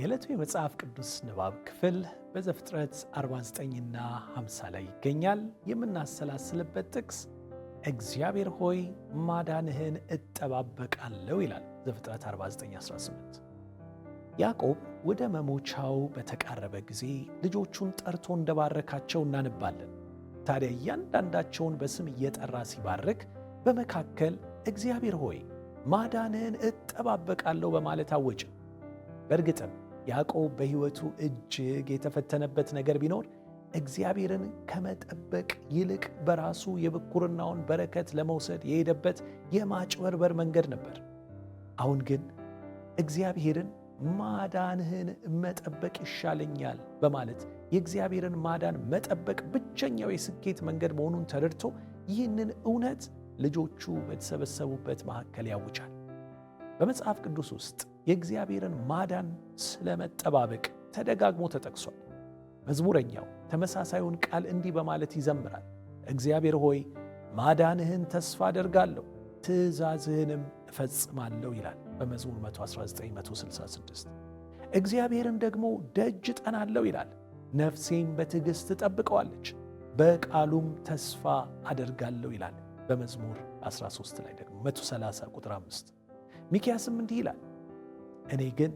የዕለቱ የመጽሐፍ ቅዱስ ንባብ ክፍል በዘፍጥረት 49ና 50 ላይ ይገኛል። የምናሰላስልበት ጥቅስ እግዚአብሔር ሆይ ማዳንህን እጠባበቃለሁ ይላል ዘፍጥረት 49:18። ያዕቆብ ወደ መሞቻው በተቃረበ ጊዜ ልጆቹን ጠርቶ እንደባረካቸው እናንባለን። ታዲያ እያንዳንዳቸውን በስም እየጠራ ሲባርክ በመካከል እግዚአብሔር ሆይ ማዳንህን እጠባበቃለሁ በማለት አወጭ በእርግጥም ያዕቆብ በሕይወቱ እጅግ የተፈተነበት ነገር ቢኖር እግዚአብሔርን ከመጠበቅ ይልቅ በራሱ የብኩርናውን በረከት ለመውሰድ የሄደበት የማጭበርበር መንገድ ነበር። አሁን ግን እግዚአብሔርን ማዳንህን መጠበቅ ይሻለኛል በማለት የእግዚአብሔርን ማዳን መጠበቅ ብቸኛው የስኬት መንገድ መሆኑን ተረድቶ ይህንን እውነት ልጆቹ በተሰበሰቡበት መካከል ያውጫል። በመጽሐፍ ቅዱስ ውስጥ የእግዚአብሔርን ማዳን ስለመጠባበቅ ተደጋግሞ ተጠቅሷል። መዝሙረኛው ተመሳሳዩን ቃል እንዲህ በማለት ይዘምራል። እግዚአብሔር ሆይ ማዳንህን ተስፋ አደርጋለሁ ትእዛዝህንም እፈጽማለሁ ይላል በመዝሙር 119:166 እግዚአብሔርን ደግሞ ደጅ ጠናለሁ ይላል። ነፍሴም በትዕግሥት ትጠብቀዋለች፣ በቃሉም ተስፋ አደርጋለሁ ይላል በመዝሙር 13 ላይ ደግሞ 130 ቁጥር 5 ሚኪያስም እንዲህ ይላል እኔ ግን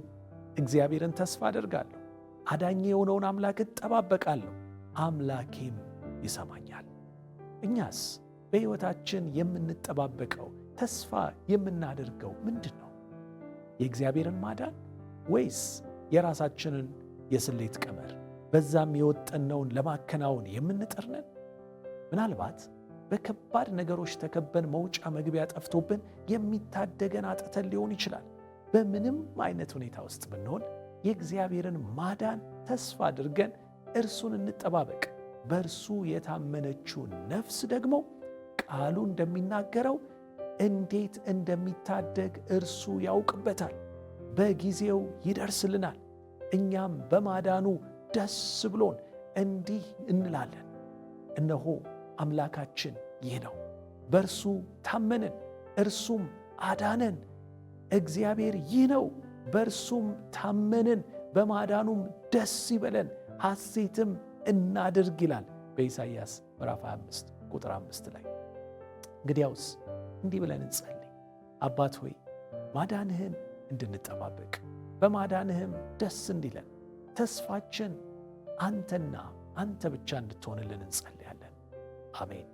እግዚአብሔርን ተስፋ አደርጋለሁ። አዳኝ የሆነውን አምላክ እጠባበቃለሁ፣ አምላኬም ይሰማኛል። እኛስ በሕይወታችን የምንጠባበቀው ተስፋ የምናደርገው ምንድን ነው? የእግዚአብሔርን ማዳን ወይስ የራሳችንን የስሌት ቀመር በዛም የወጠነውን ለማከናወን የምንጥር ምናልባት በከባድ ነገሮች ተከበን መውጫ መግቢያ ጠፍቶብን የሚታደገን አጥተን ሊሆን ይችላል። በምንም አይነት ሁኔታ ውስጥ ብንሆን የእግዚአብሔርን ማዳን ተስፋ አድርገን እርሱን እንጠባበቅ። በእርሱ የታመነችው ነፍስ ደግሞ ቃሉ እንደሚናገረው እንዴት እንደሚታደግ እርሱ ያውቅበታል። በጊዜው ይደርስልናል። እኛም በማዳኑ ደስ ብሎን እንዲህ እንላለን፣ እነሆ አምላካችን ይህ ነው፣ በእርሱ ታመንን፣ እርሱም አዳነን እግዚአብሔር ይህ ነው፣ በእርሱም ታመንን፣ በማዳኑም ደስ ይበለን ሐሴትም እናድርግ ይላል በኢሳይያስ ምዕራፍ 25 ቁጥር 5 ላይ። እንግዲያውስ እንዲህ ብለን እንጸልይ። አባት ሆይ ማዳንህን እንድንጠባበቅ በማዳንህም ደስ እንዲለን ተስፋችን አንተና አንተ ብቻ እንድትሆንልን እንጸልያለን። አሜን።